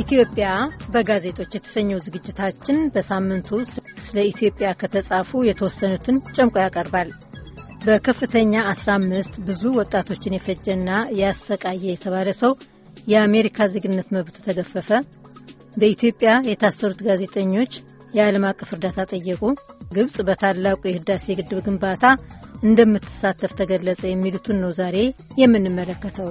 ኢትዮጵያ በጋዜጦች የተሰኘው ዝግጅታችን በሳምንቱ ስለ ኢትዮጵያ ከተጻፉ የተወሰኑትን ጨምቆ ያቀርባል። በከፍተኛ 15 ብዙ ወጣቶችን የፈጀና ያሰቃየ የተባለ ሰው የአሜሪካ ዜግነት መብት ተገፈፈ፣ በኢትዮጵያ የታሰሩት ጋዜጠኞች የዓለም አቀፍ እርዳታ ጠየቁ፣ ግብፅ በታላቁ የህዳሴ ግድብ ግንባታ እንደምትሳተፍ ተገለጸ፣ የሚሉትን ነው ዛሬ የምንመለከተው።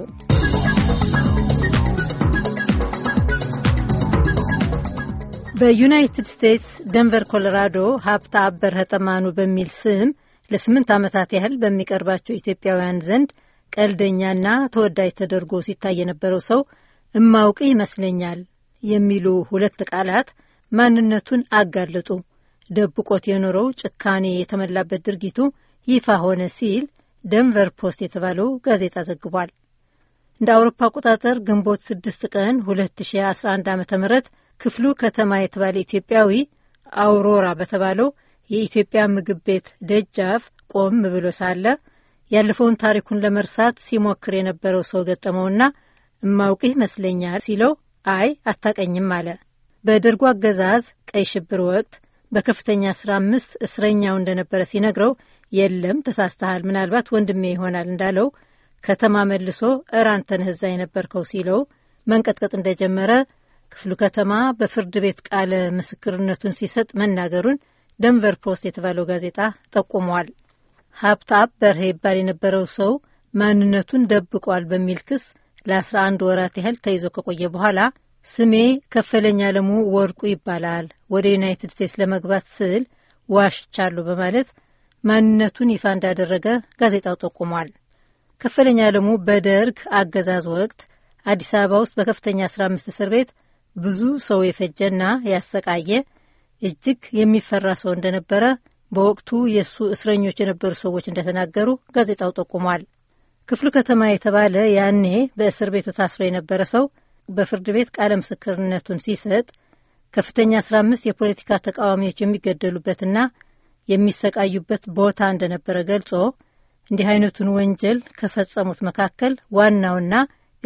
በዩናይትድ ስቴትስ ደንቨር ኮሎራዶ ሀብታ በርሀ ጠማኑ በሚል ስም ለስምንት ዓመታት ያህል በሚቀርባቸው ኢትዮጵያውያን ዘንድ ቀልደኛና ተወዳጅ ተደርጎ ሲታይ የነበረው ሰው እማውቅ ይመስለኛል የሚሉ ሁለት ቃላት ማንነቱን አጋለጡ። ደብቆት የኖረው ጭካኔ የተመላበት ድርጊቱ ይፋ ሆነ ሲል ደንቨር ፖስት የተባለው ጋዜጣ ዘግቧል። እንደ አውሮፓ አቆጣጠር ግንቦት 6 ቀን 2011 ዓ ም ክፍሉ ከተማ የተባለ ኢትዮጵያዊ አውሮራ በተባለው የኢትዮጵያ ምግብ ቤት ደጃፍ ቆም ብሎ ሳለ ያለፈውን ታሪኩን ለመርሳት ሲሞክር የነበረው ሰው ገጠመውና እማውቅህ ይመስለኛል ሲለው አይ አታቀኝም አለ። በደርጎ አገዛዝ ቀይ ሽብር ወቅት በከፍተኛ አስራ አምስት እስረኛው እንደነበረ ሲነግረው የለም ተሳስተሃል፣ ምናልባት ወንድሜ ይሆናል እንዳለው ከተማ መልሶ እራንተነህ እዛ የነበርከው ሲለው መንቀጥቀጥ እንደጀመረ ክፍሉ ከተማ በፍርድ ቤት ቃለ ምስክርነቱን ሲሰጥ መናገሩን ደንቨር ፖስት የተባለው ጋዜጣ ጠቁሟል። ሀብታብ በርሄ ይባል የነበረው ሰው ማንነቱን ደብቋል በሚል ክስ ለ11 ወራት ያህል ተይዞ ከቆየ በኋላ ስሜ ከፈለኝ አለሙ ወርቁ ይባላል፣ ወደ ዩናይትድ ስቴትስ ለመግባት ስል ዋሽቻለሁ በማለት ማንነቱን ይፋ እንዳደረገ ጋዜጣው ጠቁሟል። ከፈለኝ አለሙ በደርግ አገዛዝ ወቅት አዲስ አበባ ውስጥ በከፍተኛ 15 እስር ቤት ብዙ ሰው የፈጀና ያሰቃየ እጅግ የሚፈራ ሰው እንደነበረ በወቅቱ የእሱ እስረኞች የነበሩ ሰዎች እንደተናገሩ ጋዜጣው ጠቁሟል። ክፍሉ ከተማ የተባለ ያኔ በእስር ቤቱ ታስሮ የነበረ ሰው በፍርድ ቤት ቃለ ምስክርነቱን ሲሰጥ ከፍተኛ አምስት የፖለቲካ ተቃዋሚዎች የሚገደሉበትና የሚሰቃዩበት ቦታ እንደነበረ ገልጾ እንዲህ አይነቱን ወንጀል ከፈጸሙት መካከል ዋናውና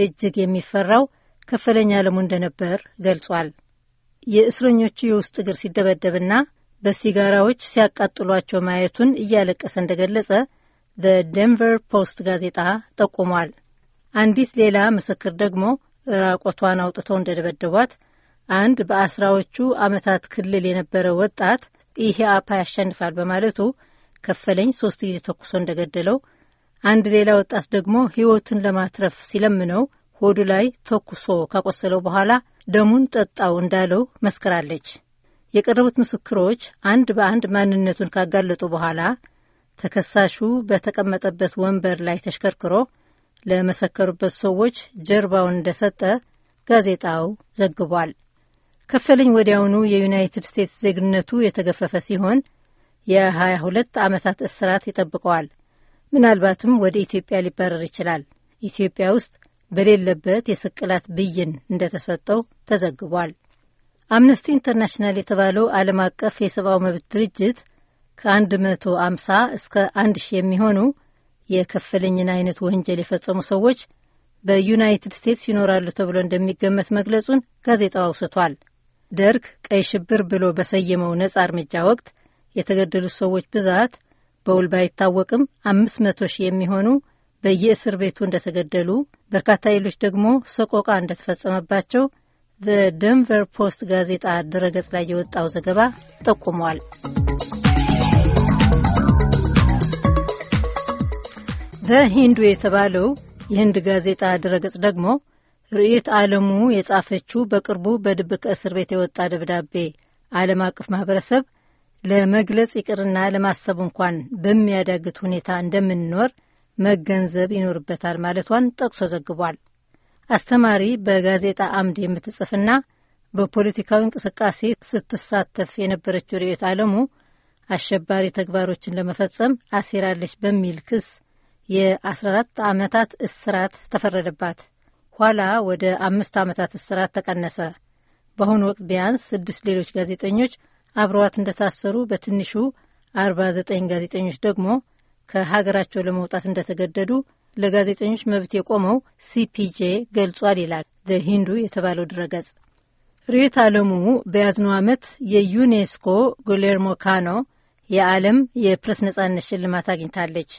እጅግ የሚፈራው ከፈለኛ አለሙ እንደነበር ገልጿል። የእስረኞቹ የውስጥ እግር ሲደበደብና በሲጋራዎች ሲያቃጥሏቸው ማየቱን እያለቀሰ እንደገለጸ ደንቨር ፖስት ጋዜጣ ጠቁሟል። አንዲት ሌላ ምስክር ደግሞ ራቆቷን አውጥተው እንደደበደቧት አንድ በአስራዎቹ ዓመታት ክልል የነበረ ወጣት ኢህአፓ ያሸንፋል በማለቱ ከፈለኝ ሶስት ጊዜ ተኩሶ እንደገደለው፣ አንድ ሌላ ወጣት ደግሞ ሕይወቱን ለማትረፍ ሲለምነው ሆዱ ላይ ተኩሶ ካቆሰለው በኋላ ደሙን ጠጣው እንዳለው መስክራለች። የቀረቡት ምስክሮች አንድ በአንድ ማንነቱን ካጋለጡ በኋላ ተከሳሹ በተቀመጠበት ወንበር ላይ ተሽከርክሮ ለመሰከሩበት ሰዎች ጀርባውን እንደሰጠ ጋዜጣው ዘግቧል። ከፈለኝ ወዲያውኑ የዩናይትድ ስቴትስ ዜግነቱ የተገፈፈ ሲሆን የ22 ዓመታት እስራት ይጠብቀዋል። ምናልባትም ወደ ኢትዮጵያ ሊባረር ይችላል። ኢትዮጵያ ውስጥ በሌለበት የስቅላት ብይን እንደተሰጠው ተዘግቧል። አምነስቲ ኢንተርናሽናል የተባለው ዓለም አቀፍ የሰብአዊ መብት ድርጅት ከ150 እስከ 1000 የሚሆኑ የከፈለኝን አይነት ወንጀል የፈጸሙ ሰዎች በዩናይትድ ስቴትስ ይኖራሉ ተብሎ እንደሚገመት መግለጹን ጋዜጣው አውስቷል። ደርግ ቀይ ሽብር ብሎ በሰየመው ነጻ እርምጃ ወቅት የተገደሉት ሰዎች ብዛት በውል ባይታወቅም 500 ሺህ የሚሆኑ በየእስር ቤቱ እንደተገደሉ፣ በርካታ ሌሎች ደግሞ ሰቆቃ እንደተፈጸመባቸው ደንቨር ፖስት ጋዜጣ ድረገጽ ላይ የወጣው ዘገባ ጠቁሟል። ሂንዱ የተባለው የህንድ ጋዜጣ ድረገጽ ደግሞ ርዕየት ዓለሙ የጻፈችው በቅርቡ በድብቅ እስር ቤት የወጣ ደብዳቤ ዓለም አቀፍ ማህበረሰብ ለመግለጽ ይቅርና ለማሰብ እንኳን በሚያዳግት ሁኔታ እንደምንኖር መገንዘብ ይኖርበታል ማለቷን ጠቅሶ ዘግቧል። አስተማሪ በጋዜጣ አምድ የምትጽፍና በፖለቲካዊ እንቅስቃሴ ስትሳተፍ የነበረችው ርዕዮት ዓለሙ አሸባሪ ተግባሮችን ለመፈጸም አሴራለች በሚል ክስ የ14 ዓመታት እስራት ተፈረደባት። ኋላ ወደ አምስት ዓመታት እስራት ተቀነሰ። በአሁኑ ወቅት ቢያንስ ስድስት ሌሎች ጋዜጠኞች አብረዋት እንደታሰሩ በትንሹ 49 ጋዜጠኞች ደግሞ ከሀገራቸው ለመውጣት እንደተገደዱ ለጋዜጠኞች መብት የቆመው ሲፒጄ ገልጿል ይላል ዘ ሂንዱ የተባለው ድረገጽ። ርዕዮት ዓለሙ በያዝነው ዓመት የዩኔስኮ ጉሌርሞ ካኖ የዓለም የፕሬስ ነጻነት ሽልማት አግኝታለች።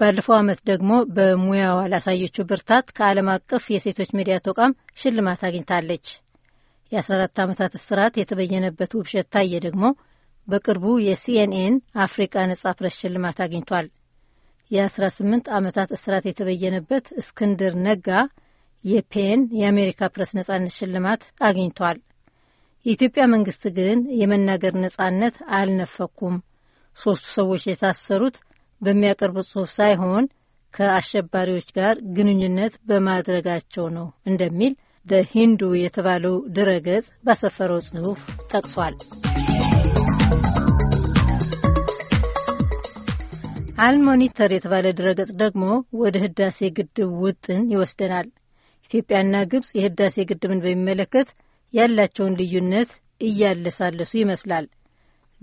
ባለፈው ዓመት ደግሞ በሙያዋ ላሳየችው ብርታት ከዓለም አቀፍ የሴቶች ሚዲያ ተቋም ሽልማት አግኝታለች። የ14 ዓመታት እስራት የተበየነበት ውብሸት ታየ ደግሞ በቅርቡ የሲኤንኤን አፍሪቃ ነጻ ፕረስ ሽልማት አግኝቷል። የ18 ዓመታት እስራት የተበየነበት እስክንድር ነጋ የፔን የአሜሪካ ፕረስ ነጻነት ሽልማት አግኝቷል። የኢትዮጵያ መንግስት ግን የመናገር ነጻነት አልነፈኩም፣ ሶስቱ ሰዎች የታሰሩት በሚያቀርቡት ጽሑፍ ሳይሆን ከአሸባሪዎች ጋር ግንኙነት በማድረጋቸው ነው እንደሚል በሂንዱ የተባለው ድረገጽ ባሰፈረው ጽሑፍ ጠቅሷል። አልሞኒተር የተባለ ድረገጽ ደግሞ ወደ ህዳሴ ግድብ ውጥን ይወስደናል። ኢትዮጵያና ግብጽ የህዳሴ ግድብን በሚመለከት ያላቸውን ልዩነት እያለሳለሱ ይመስላል።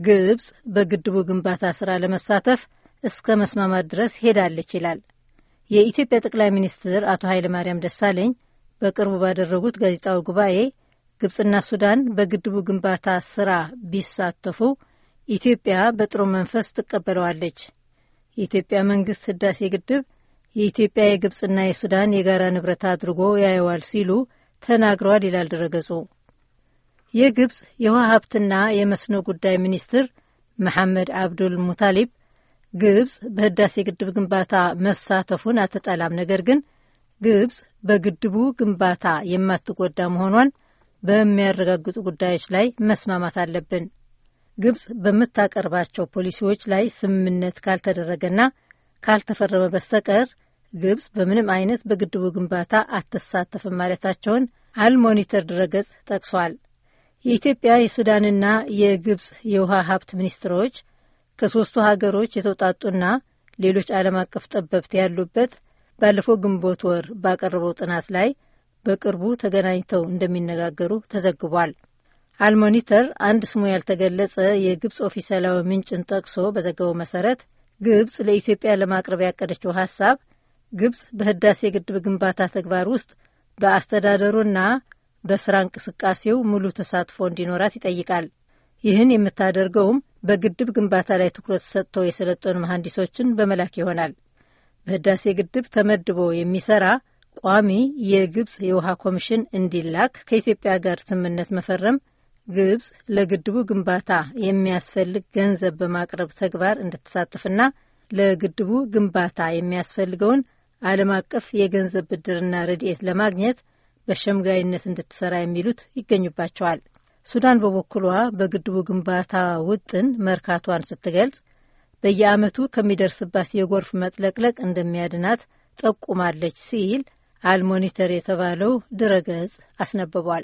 ግብጽ በግድቡ ግንባታ ስራ ለመሳተፍ እስከ መስማማት ድረስ ሄዳለች ይላል። የኢትዮጵያ ጠቅላይ ሚኒስትር አቶ ኃይለ ማርያም ደሳለኝ በቅርቡ ባደረጉት ጋዜጣዊ ጉባኤ ግብጽና ሱዳን በግድቡ ግንባታ ስራ ቢሳተፉ ኢትዮጵያ በጥሩ መንፈስ ትቀበለዋለች የኢትዮጵያ መንግስት ህዳሴ ግድብ የኢትዮጵያ የግብፅና የሱዳን የጋራ ንብረት አድርጎ ያየዋል ሲሉ ተናግረዋል ይላል ድረገጹ። የግብፅ የውሃ ሀብትና የመስኖ ጉዳይ ሚኒስትር መሐመድ አብዱል ሙታሊብ ግብፅ በህዳሴ ግድብ ግንባታ መሳተፉን አትጠላም፣ ነገር ግን ግብፅ በግድቡ ግንባታ የማትጎዳ መሆኗን በሚያረጋግጡ ጉዳዮች ላይ መስማማት አለብን ግብፅ በምታቀርባቸው ፖሊሲዎች ላይ ስምምነት ካልተደረገና ካልተፈረመ በስተቀር ግብፅ በምንም አይነት በግድቡ ግንባታ አትሳተፍም ማለታቸውን አልሞኒተር ድረገጽ ጠቅሷል። የኢትዮጵያ የሱዳንና የግብፅ የውሃ ሀብት ሚኒስትሮች ከሦስቱ ሀገሮች የተውጣጡና ሌሎች ዓለም አቀፍ ጠበብት ያሉበት ባለፈው ግንቦት ወር ባቀረበው ጥናት ላይ በቅርቡ ተገናኝተው እንደሚነጋገሩ ተዘግቧል። አልሞኒተር አንድ ስሙ ያልተገለጸ የግብፅ ኦፊሴላዊ ምንጭን ጠቅሶ በዘገበው መሰረት ግብፅ ለኢትዮጵያ ለማቅረብ ያቀደችው ሀሳብ ግብፅ በህዳሴ ግድብ ግንባታ ተግባር ውስጥ በአስተዳደሩና በስራ እንቅስቃሴው ሙሉ ተሳትፎ እንዲኖራት ይጠይቃል። ይህን የምታደርገውም በግድብ ግንባታ ላይ ትኩረት ሰጥቶ የሰለጠኑ መሐንዲሶችን በመላክ ይሆናል። በህዳሴ ግድብ ተመድቦ የሚሰራ ቋሚ የግብፅ የውሃ ኮሚሽን እንዲላክ ከኢትዮጵያ ጋር ስምምነት መፈረም ግብጽ ለግድቡ ግንባታ የሚያስፈልግ ገንዘብ በማቅረብ ተግባር እንድትሳተፍና ለግድቡ ግንባታ የሚያስፈልገውን ዓለም አቀፍ የገንዘብ ብድርና ረድኤት ለማግኘት በሸምጋይነት እንድትሰራ የሚሉት ይገኙባቸዋል። ሱዳን በበኩሏ በግድቡ ግንባታ ውጥን መርካቷን ስትገልጽ በየዓመቱ ከሚደርስባት የጎርፍ መጥለቅለቅ እንደሚያድናት ጠቁማለች ሲል አልሞኒተር የተባለው ድረገጽ አስነብቧል።